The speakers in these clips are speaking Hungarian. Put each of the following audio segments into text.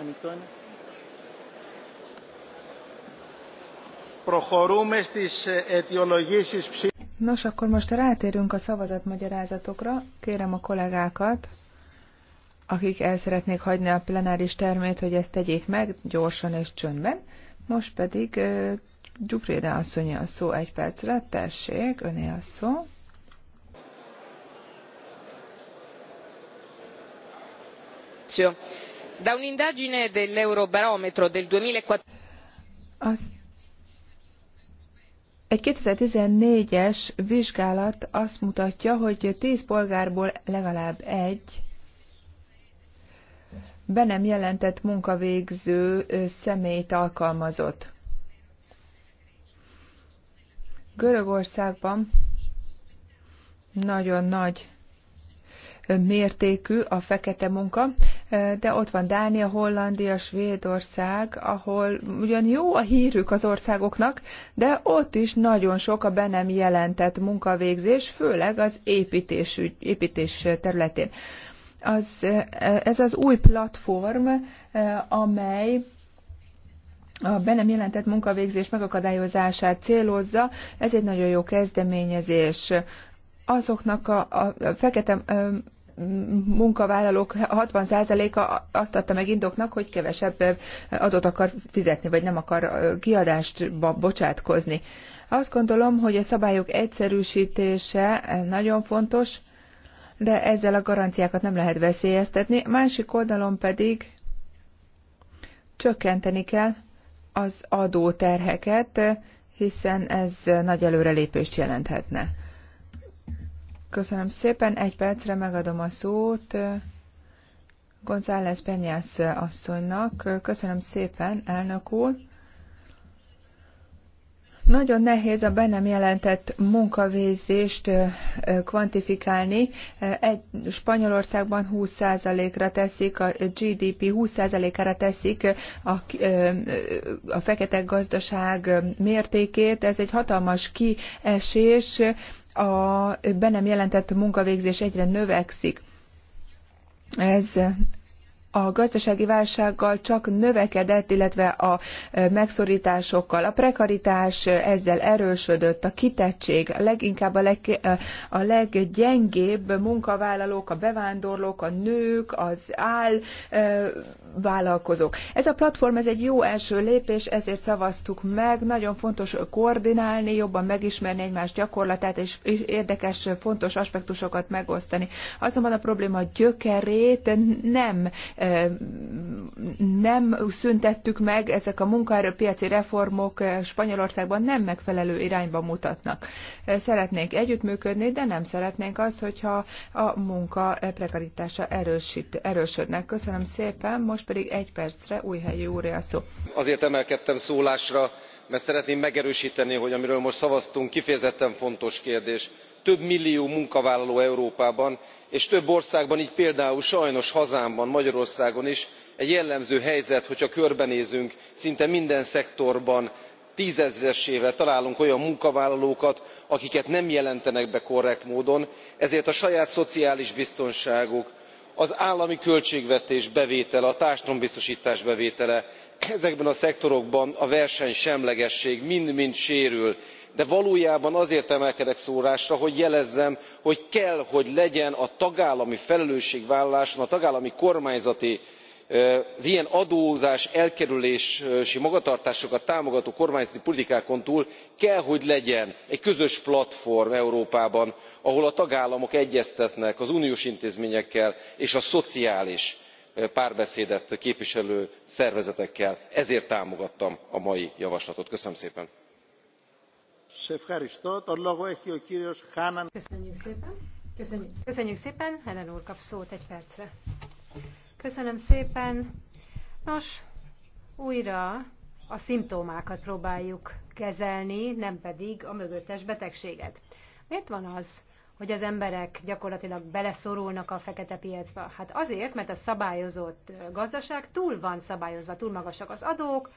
Ανοιχτό Προχωρούμε στις αιτιολογήσεις Nos, akkor most rátérünk a szavazatmagyarázatokra. Kérem a kollégákat, akik el szeretnék hagyni a plenáris termét, hogy ezt tegyék meg gyorsan és csöndben. Most pedig Gyufréda asszonyi a szó egy percre, tessék, öné a szó. da un'indagine dell'eurobarometro del duemilaquattordici egy 2014-es vizsgálat azt mutatja, hogy 10 polgárból legalább egy be nem jelentett munkavégző személyt alkalmazott. Görögországban nagyon nagy mértékű a fekete munka de ott van Dánia, Hollandia, Svédország, ahol ugyan jó a hírük az országoknak, de ott is nagyon sok a be nem jelentett munkavégzés, főleg az építés, építés területén. Az, ez az új platform, amely a be nem jelentett munkavégzés megakadályozását célozza. Ez egy nagyon jó kezdeményezés. Azoknak a, a fekete munkavállalók 60%-a azt adta meg indoknak, hogy kevesebb adót akar fizetni, vagy nem akar kiadástba bocsátkozni. Azt gondolom, hogy a szabályok egyszerűsítése nagyon fontos, de ezzel a garanciákat nem lehet veszélyeztetni. Másik oldalon pedig csökkenteni kell az adóterheket, hiszen ez nagy előrelépést jelenthetne. Köszönöm szépen. Egy percre megadom a szót González Penyász asszonynak. Köszönöm szépen, elnök úr. Nagyon nehéz a bennem jelentett munkavégzést kvantifikálni. Egy, Spanyolországban 20%-ra teszik, a GDP 20%-ára teszik a, a fekete gazdaság mértékét. Ez egy hatalmas kiesés, a bennem jelentett munkavégzés egyre növekszik. Ez a gazdasági válsággal csak növekedett, illetve a e, megszorításokkal. A prekaritás e, ezzel erősödött, a kitettség, leginkább a, leg, e, a leggyengébb munkavállalók, a bevándorlók, a nők, az áll vállalkozók. Ez a platform, ez egy jó első lépés, ezért szavaztuk meg. Nagyon fontos koordinálni, jobban megismerni egymás gyakorlatát, és érdekes, fontos aspektusokat megosztani. Azonban a probléma gyökerét nem nem szüntettük meg, ezek a munkaerőpiaci reformok eh, Spanyolországban nem megfelelő irányba mutatnak. Eh, szeretnénk együttműködni, de nem szeretnénk azt, hogyha a munka prekaritása erősít, erősödnek. Köszönöm szépen, most pedig egy percre új helyi úrja szó. Azért emelkedtem szólásra, mert szeretném megerősíteni, hogy amiről most szavaztunk, kifejezetten fontos kérdés több millió munkavállaló európában és több országban gy például sajnos hazámban magyarországon is egy jellemző helyzet hogyha körbenézünk szinte minden szektorban tzezresével találunk olyan munkavállalókat akiket nem jelentenek be korrekt módon ezért a saját szociális biztonságuk az állami költségvetés bevétele a társadalombiztostás bevétele ezekben a szektorokban a versenysemlegesség mind mind sérül de valójában azért emelkedek szólásra hogy jelezzem hogy kell hogy legyen a tagállami felelősségvállaláson a tagállami kormányzati az ilyen adózás elkerülési magatartásokat támogató kormányzati politikákon túl kell hogy legyen egy közös platform európában ahol a tagállamok egyeztetnek az uniós intézményekkel és a szociális párbeszédet képviselő szervezetekkel ezért támogattam a mai javaslatot. köszönöm szépen! Köszönjük szépen. Köszönjük, köszönjük szépen. Helen úr kap szót egy percre. Köszönöm szépen. Nos, újra a szimptomákat próbáljuk kezelni, nem pedig a mögöttes betegséget. Miért van az, hogy az emberek gyakorlatilag beleszorulnak a fekete piacba? Hát azért, mert a szabályozott gazdaság túl van szabályozva, túl magasak az adók,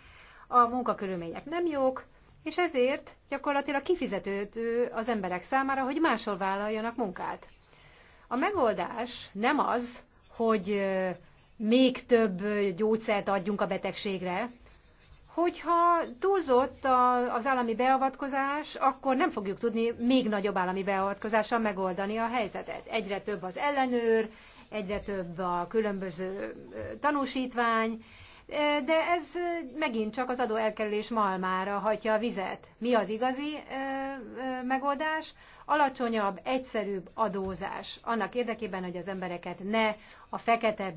a munkakörülmények nem jók, és ezért gyakorlatilag kifizetőt az emberek számára, hogy máshol vállaljanak munkát. A megoldás nem az, hogy még több gyógyszert adjunk a betegségre, hogyha túlzott az állami beavatkozás, akkor nem fogjuk tudni még nagyobb állami beavatkozással megoldani a helyzetet. Egyre több az ellenőr, egyre több a különböző tanúsítvány, de ez megint csak az adóelkerülés malmára hagyja a vizet. Mi az igazi megoldás? Alacsonyabb, egyszerűbb adózás. Annak érdekében, hogy az embereket ne a fekete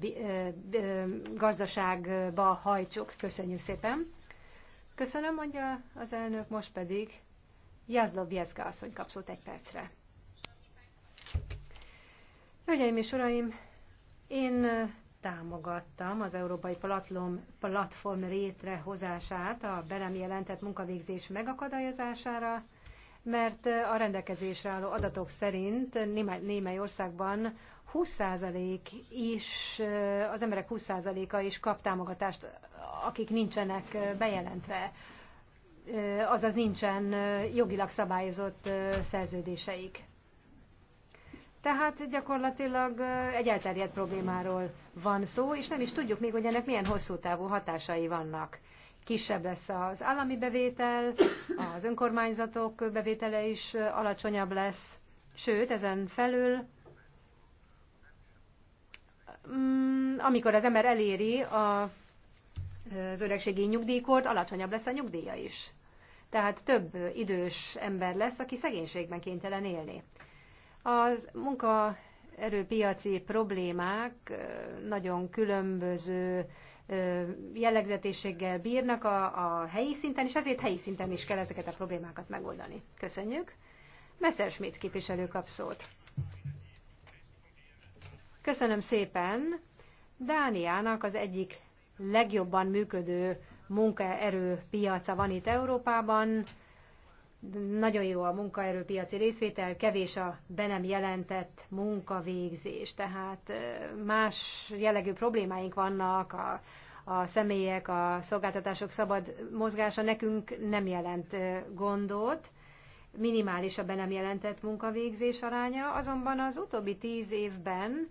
gazdaságba hajtsuk. Köszönjük szépen. Köszönöm, mondja az elnök, most pedig Jászlov Jeszka asszony kapszott egy percre. Hölgyeim és uraim, én támogattam az Európai Platform, Platform létrehozását a belem jelentett munkavégzés megakadályozására, mert a rendelkezésre álló adatok szerint némely, némely országban 20% is, az emberek 20%-a is kap támogatást, akik nincsenek bejelentve, azaz nincsen jogilag szabályozott szerződéseik. Tehát gyakorlatilag egy elterjedt problémáról van szó, és nem is tudjuk még, hogy ennek milyen hosszú távú hatásai vannak. Kisebb lesz az állami bevétel, az önkormányzatok bevétele is alacsonyabb lesz, sőt, ezen felül mm, amikor az ember eléri a, az öregségi nyugdíjkort, alacsonyabb lesz a nyugdíja is. Tehát több idős ember lesz, aki szegénységben kénytelen élni. Az munkaerőpiaci problémák nagyon különböző jellegzetéséggel bírnak a, a helyi szinten, és ezért helyi szinten is kell ezeket a problémákat megoldani. Köszönjük. Messerschmidt képviselő kap szót. Köszönöm szépen. Dániának az egyik legjobban működő munkaerőpiaca van itt Európában nagyon jó a munkaerőpiaci részvétel, kevés a be nem jelentett munkavégzés, tehát más jellegű problémáink vannak, a, a személyek, a szolgáltatások szabad mozgása nekünk nem jelent gondot, minimális a be nem jelentett munkavégzés aránya, azonban az utóbbi tíz évben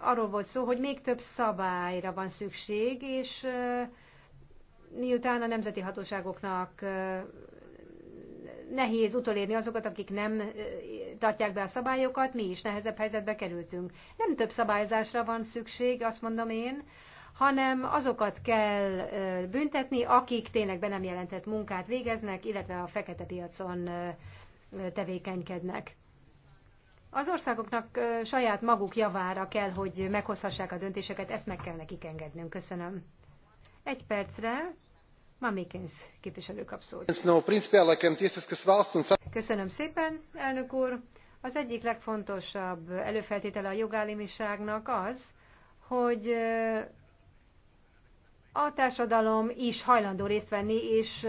arról volt szó, hogy még több szabályra van szükség, és miután a nemzeti hatóságoknak nehéz utolérni azokat, akik nem tartják be a szabályokat, mi is nehezebb helyzetbe kerültünk. Nem több szabályzásra van szükség, azt mondom én, hanem azokat kell büntetni, akik tényleg be nem jelentett munkát végeznek, illetve a fekete piacon tevékenykednek. Az országoknak saját maguk javára kell, hogy meghozhassák a döntéseket, ezt meg kell nekik engednünk. Köszönöm. Egy percre Mamikins képviselő kap szót. Köszönöm szépen, elnök úr. Az egyik legfontosabb előfeltétele a jogállamiságnak az, hogy a társadalom is hajlandó részt venni, és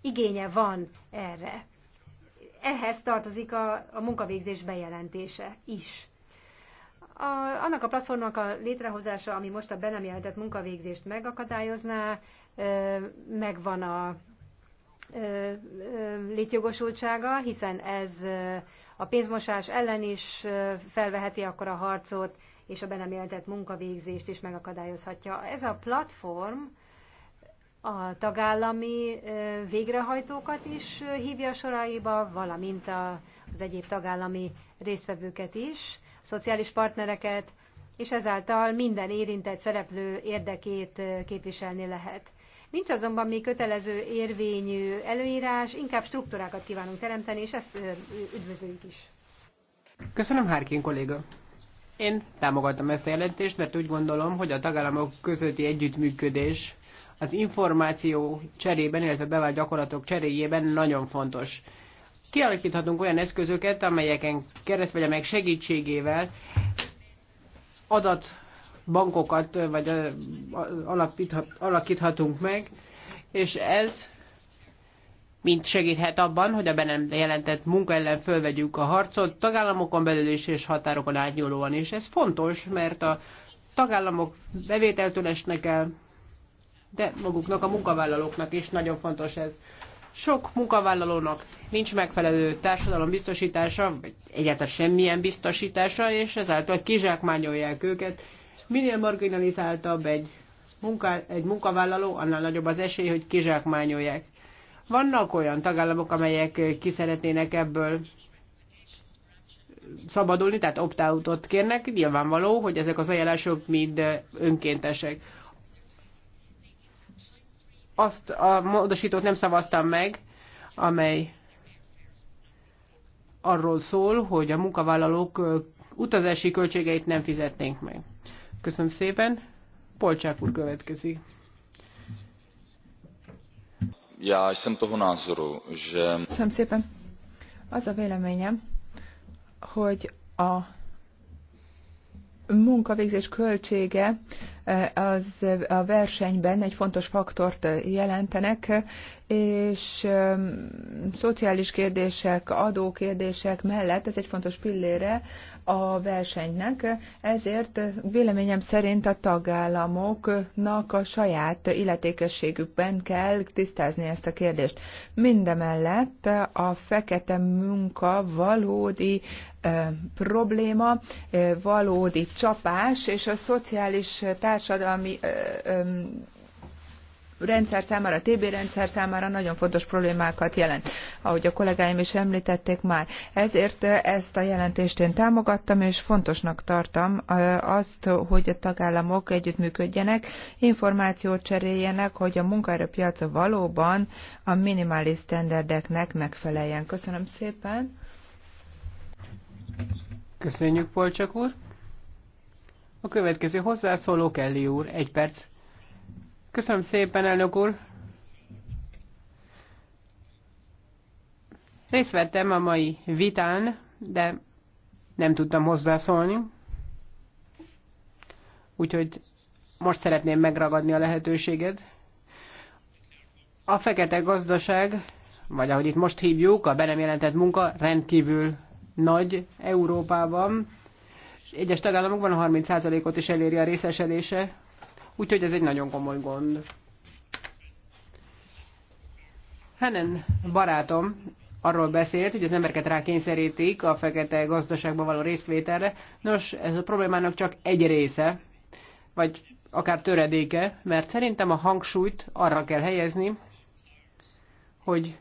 igénye van erre. Ehhez tartozik a, a munkavégzés bejelentése is. A, annak a platformnak a létrehozása, ami most a be nem jelentett munkavégzést megakadályozná, megvan a létjogosultsága, hiszen ez a pénzmosás ellen is felveheti akkor a harcot, és a be nem jelentett munkavégzést is megakadályozhatja. Ez a platform a tagállami végrehajtókat is hívja soraiba, valamint az egyéb tagállami résztvevőket is, szociális partnereket, és ezáltal minden érintett szereplő érdekét képviselni lehet. Nincs azonban még kötelező érvényű előírás, inkább struktúrákat kívánunk teremteni, és ezt üdvözöljük is. Köszönöm, Hárkin kolléga. Én támogattam ezt a jelentést, mert úgy gondolom, hogy a tagállamok közötti együttműködés az információ cserében, illetve bevált gyakorlatok cseréjében nagyon fontos. Kialakíthatunk olyan eszközöket, amelyeken keresztvegyemek segítségével adat bankokat vagy alakíthatunk meg, és ez mint segíthet abban, hogy a be nem jelentett munka ellen fölvegyük a harcot, tagállamokon belül is és határokon átnyúlóan is. Ez fontos, mert a tagállamok bevételtől esnek el, de maguknak, a munkavállalóknak is nagyon fontos ez. Sok munkavállalónak nincs megfelelő társadalom biztosítása, vagy egyáltalán semmilyen biztosítása, és ezáltal kizsákmányolják őket, Minél marginalizáltabb egy, munka, egy munkavállaló, annál nagyobb az esély, hogy kizsákmányolják. Vannak olyan tagállamok, amelyek ki szeretnének ebből szabadulni, tehát opt out kérnek. Nyilvánvaló, hogy ezek az ajánlások mind önkéntesek. Azt a módosítót nem szavaztam meg, amely arról szól, hogy a munkavállalók utazási költségeit nem fizetnénk meg. Köszönöm szépen. Polcsák úr következik. Já jsem toho názoru, že... Köszönöm szépen. Az a véleményem, hogy a munkavégzés költsége eh, az a versenyben egy fontos faktort eh, jelentenek, és szociális kérdések, adókérdések mellett ez egy fontos pillére a versenynek, ezért véleményem szerint a tagállamoknak a saját illetékességükben kell tisztázni ezt a kérdést. Mindemellett a fekete munka valódi probléma, valódi csapás, és a szociális társadalmi rendszer számára, a TB rendszer számára nagyon fontos problémákat jelent, ahogy a kollégáim is említették már. Ezért ezt a jelentést én támogattam, és fontosnak tartam azt, hogy a tagállamok együttműködjenek, információt cseréljenek, hogy a munkaerőpiac valóban a minimális sztenderdeknek megfeleljen. Köszönöm szépen! Köszönjük, Polcsak úr! A következő hozzászóló Kelly úr, egy perc. Köszönöm szépen, elnök úr. Részt vettem a mai vitán, de nem tudtam hozzászólni. Úgyhogy most szeretném megragadni a lehetőséget. A fekete gazdaság, vagy ahogy itt most hívjuk, a be nem jelentett munka rendkívül nagy Európában. Egyes tagállamokban a 30%-ot is eléri a részesedése. Úgyhogy ez egy nagyon komoly gond. Henen barátom arról beszélt, hogy az embereket rákényszerítik a fekete gazdaságban való részvételre. Nos, ez a problémának csak egy része, vagy akár töredéke, mert szerintem a hangsúlyt arra kell helyezni, hogy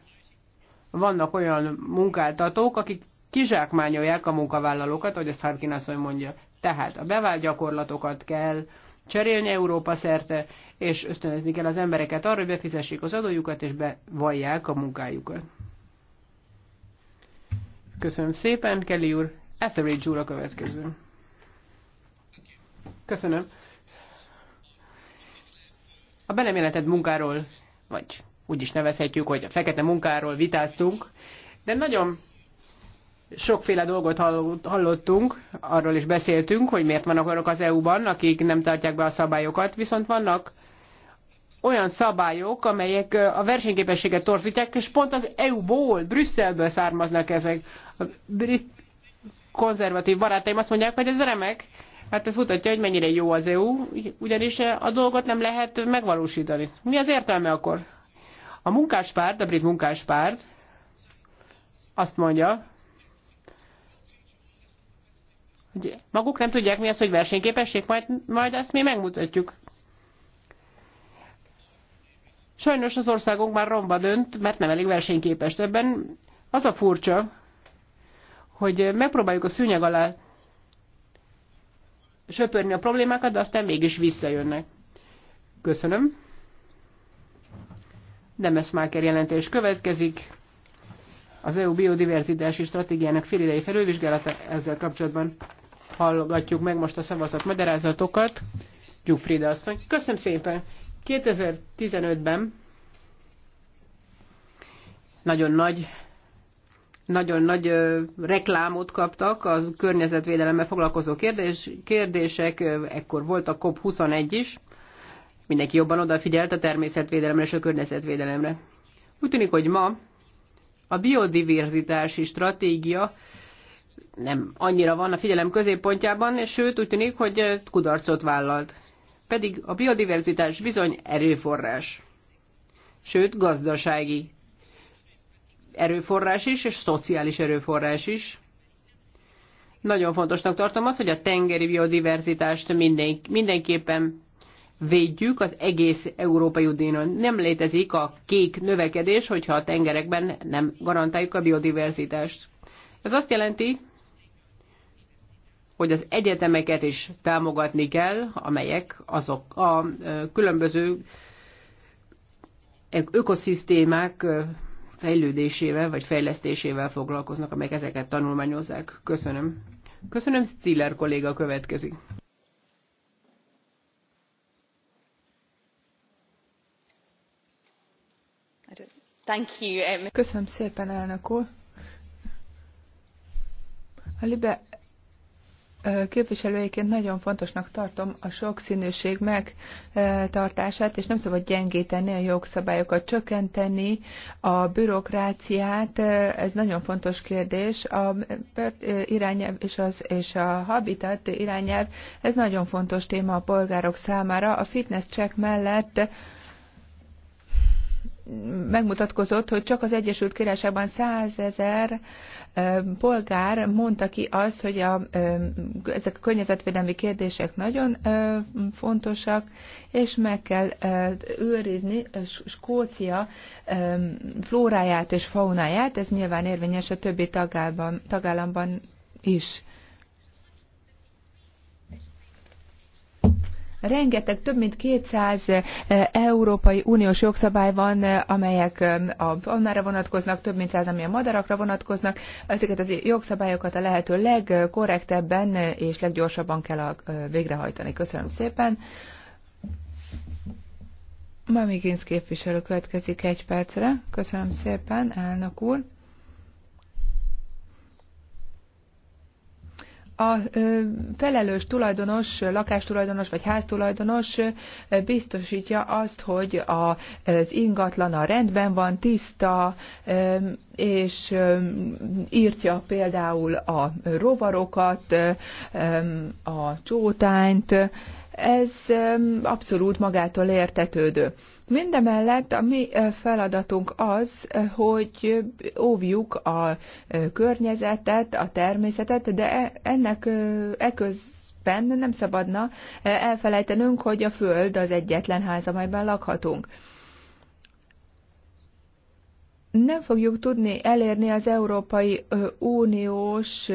vannak olyan munkáltatók, akik kizsákmányolják a munkavállalókat, ahogy ezt Harkin asszony mondja. Tehát a bevált gyakorlatokat kell cserélni Európa szerte, és ösztönözni kell az embereket arra, hogy befizessék az adójukat, és bevallják a munkájukat. Köszönöm szépen, Kelly úr. Etheridge úr a következő. Köszönöm. A belem munkáról, vagy úgy is nevezhetjük, hogy a fekete munkáról vitáztunk, de nagyon sokféle dolgot hallottunk, arról is beszéltünk, hogy miért vannak olyanok az EU-ban, akik nem tartják be a szabályokat, viszont vannak olyan szabályok, amelyek a versenyképességet torzítják, és pont az EU-ból, Brüsszelből származnak ezek. A brit konzervatív barátaim azt mondják, hogy ez remek, hát ez mutatja, hogy mennyire jó az EU, ugyanis a dolgot nem lehet megvalósítani. Mi az értelme akkor? A munkáspárt, a brit munkáspárt azt mondja, hogy maguk nem tudják mi az, hogy versenyképesség, majd, majd ezt mi megmutatjuk. Sajnos az országunk már romba dönt, mert nem elég versenyképes. Ebben az a furcsa, hogy megpróbáljuk a szűnyeg alá söpörni a problémákat, de aztán mégis visszajönnek. Köszönöm. Demesmaker jelentés következik. Az EU biodiverzitási stratégiának félidei felülvizsgálata ezzel kapcsolatban hallgatjuk meg most a szavazat magyarázatokat. Gyufrida asszony, köszönöm szépen! 2015-ben nagyon nagy nagyon nagy ö, reklámot kaptak a környezetvédelemmel foglalkozó kérdés, kérdések, ö, ekkor volt a COP21 is, mindenki jobban odafigyelt a természetvédelemre és a környezetvédelemre. Úgy tűnik, hogy ma a biodiverzitási stratégia nem annyira van a figyelem középpontjában, és sőt úgy tűnik, hogy eh, kudarcot vállalt. Pedig a biodiverzitás bizony erőforrás. Sőt, gazdasági erőforrás is, és szociális erőforrás is. Nagyon fontosnak tartom azt, hogy a tengeri biodiverzitást minden, mindenképpen védjük az egész Európai Unión. Nem létezik a kék növekedés, hogyha a tengerekben nem garantáljuk a biodiverzitást. Ez azt jelenti, hogy az egyetemeket is támogatni kell, amelyek azok a különböző ökoszisztémák fejlődésével vagy fejlesztésével foglalkoznak, amelyek ezeket tanulmányozzák. Köszönöm. Köszönöm, Stiller kolléga következik. Um, Köszönöm szépen, elnök úr. A Libe képviselőjéként nagyon fontosnak tartom a sokszínűség megtartását, és nem szabad gyengíteni a jogszabályokat, csökkenteni a bürokráciát, ez nagyon fontos kérdés, a irányelv és, az, és a habitat irányelv, ez nagyon fontos téma a polgárok számára. A fitness check mellett megmutatkozott, hogy csak az Egyesült Királyságban százezer polgár mondta ki azt, hogy a, ezek a környezetvédelmi kérdések nagyon fontosak, és meg kell őrizni Skócia flóráját és faunáját, ez nyilván érvényes a többi tagállamban, tagállamban is. Rengeteg, több mint 200 eh, Európai Uniós jogszabály van, eh, amelyek eh, a faunára vonatkoznak, több mint 100, ami a madarakra vonatkoznak. Ezeket az jogszabályokat a lehető legkorrektebben és leggyorsabban kell végrehajtani. Köszönöm szépen. Mamiginsz képviselő következik egy percre. Köszönöm szépen, elnök úr. a felelős tulajdonos, lakástulajdonos vagy háztulajdonos biztosítja azt, hogy az ingatlan a rendben van, tiszta, és írtja például a rovarokat, a csótányt, ez abszolút magától értetődő. Mindemellett a mi eh, feladatunk az, eh, hogy óvjuk a eh, környezetet, a természetet, de e, ennek eköz nem szabadna elfelejtenünk, hogy a Föld az egyetlen ház, amelyben lakhatunk. Nem fogjuk tudni elérni az Európai Uniós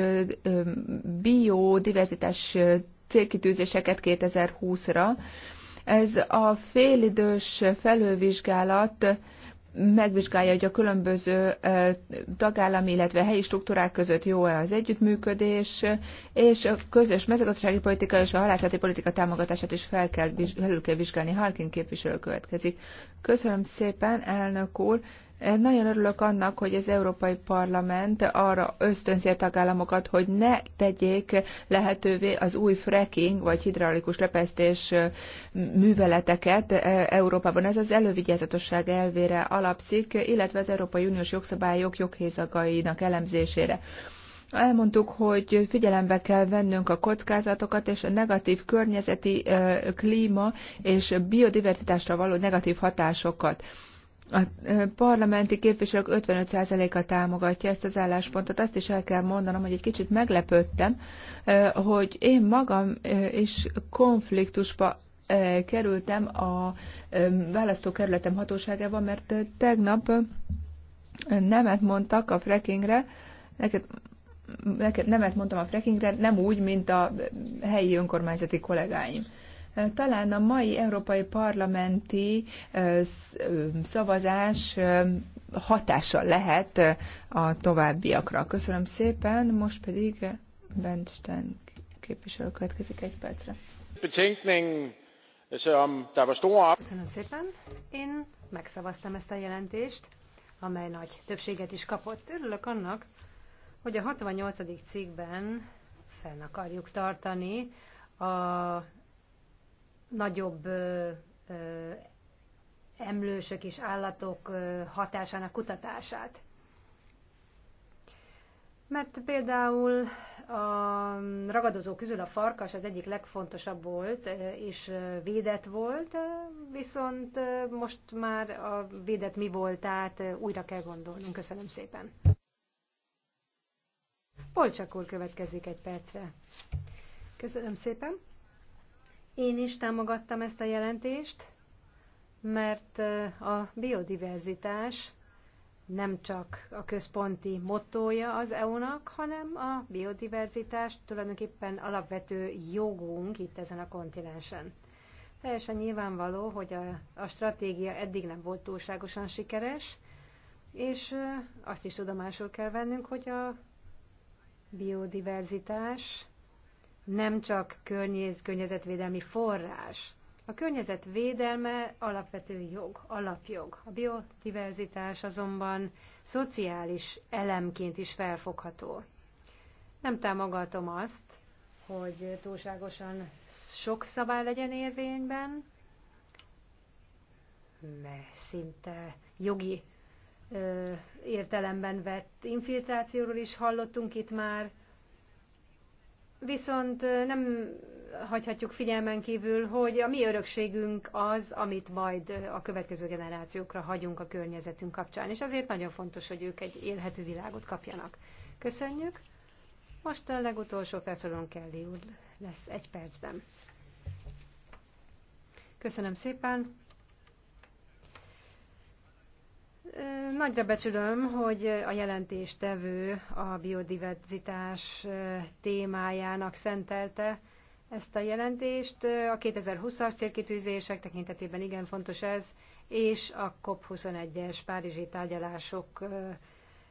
biodiverzitás célkitűzéseket 2020-ra. Ez a félidős felővizsgálat megvizsgálja, hogy a különböző tagállami, illetve helyi struktúrák között jó-e az együttműködés, és a közös mezőgazdasági politika és a halászati politika támogatását is fel kell, felül kell vizsgálni. Harkin képviselő következik. Köszönöm szépen, elnök úr. Nagyon örülök annak, hogy az Európai Parlament arra ösztönzi a tagállamokat, hogy ne tegyék lehetővé az új fracking vagy hidraulikus lepesztés műveleteket Európában. Ez az elővigyázatosság elvére alapszik, illetve az Európai Uniós jogszabályok joghézagainak elemzésére. Elmondtuk, hogy figyelembe kell vennünk a kockázatokat és a negatív környezeti, klíma és biodiverzitásra való negatív hatásokat. A parlamenti képviselők 55%-a támogatja ezt az álláspontot. Azt is el kell mondanom, hogy egy kicsit meglepődtem, hogy én magam is konfliktusba kerültem a választókerületem hatóságával, mert tegnap nemet mondtak a frackingre, nemet mondtam a frackingre, nem úgy, mint a helyi önkormányzati kollégáim. Talán a mai Európai Parlamenti szavazás hatása lehet a továbbiakra. Köszönöm szépen, most pedig Bentsten képviselő következik egy percre. Um, Köszönöm szépen. Én megszavaztam ezt a jelentést, amely nagy többséget is kapott. Örülök annak, hogy a 68. cikkben fenn akarjuk tartani a nagyobb emlősök és állatok hatásának kutatását. Mert például a ragadozó közül a farkas az egyik legfontosabb volt, és védett volt, viszont most már a védett mi voltát újra kell gondolnunk. Köszönöm szépen. Polcsak úr következik egy percre. Köszönöm szépen. Én is támogattam ezt a jelentést, mert a biodiverzitás nem csak a központi mottója az EU-nak, hanem a biodiverzitás tulajdonképpen alapvető jogunk itt ezen a kontinensen. Teljesen nyilvánvaló, hogy a, a stratégia eddig nem volt túlságosan sikeres, és azt is tudomásul kell vennünk, hogy a biodiverzitás nem csak környéz, környezetvédelmi forrás. A környezetvédelme alapvető jog, alapjog. A biodiverzitás azonban szociális elemként is felfogható. Nem támogatom azt, hogy túlságosan sok szabály legyen érvényben, mert szinte jogi ö, értelemben vett infiltrációról is hallottunk itt már, Viszont nem hagyhatjuk figyelmen kívül, hogy a mi örökségünk az, amit majd a következő generációkra hagyunk a környezetünk kapcsán, és azért nagyon fontos, hogy ők egy élhető világot kapjanak. Köszönjük! Most a legutolsó felszólalón Kelly úr lesz egy percben. Köszönöm szépen! Nagyra becsülöm, hogy a jelentéstevő a biodiverzitás témájának szentelte ezt a jelentést. A 2020-as célkitűzések tekintetében igen fontos ez, és a COP21-es párizsi tárgyalások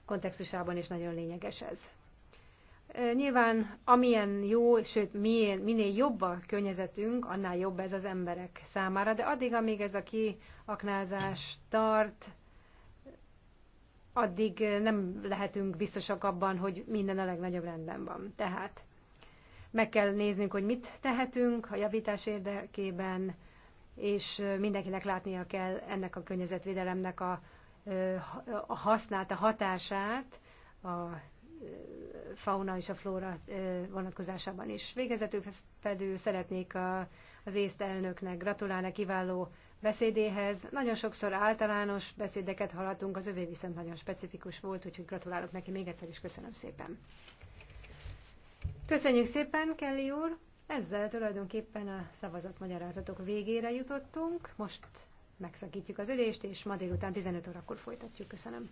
kontextusában is nagyon lényeges ez. Nyilván amilyen jó, sőt milyen, minél jobb a környezetünk, annál jobb ez az emberek számára, de addig, amíg ez a kiaknázás tart, addig eh, nem lehetünk biztosak abban, hogy minden a legnagyobb rendben van. Tehát meg kell néznünk, hogy mit tehetünk a javítás érdekében, és eh, mindenkinek látnia kell ennek a környezetvédelemnek a, eh, a a hatását a fauna és a flóra vonatkozásában is. Végezetül pedig szeretnék a, az észt elnöknek gratulálni kiváló beszédéhez. Nagyon sokszor általános beszédeket hallatunk, az övé viszont nagyon specifikus volt, úgyhogy gratulálok neki még egyszer is köszönöm szépen. Köszönjük szépen, Kelly úr! Ezzel tulajdonképpen a szavazatmagyarázatok végére jutottunk. Most megszakítjuk az ülést, és ma délután 15 órakor folytatjuk. Köszönöm.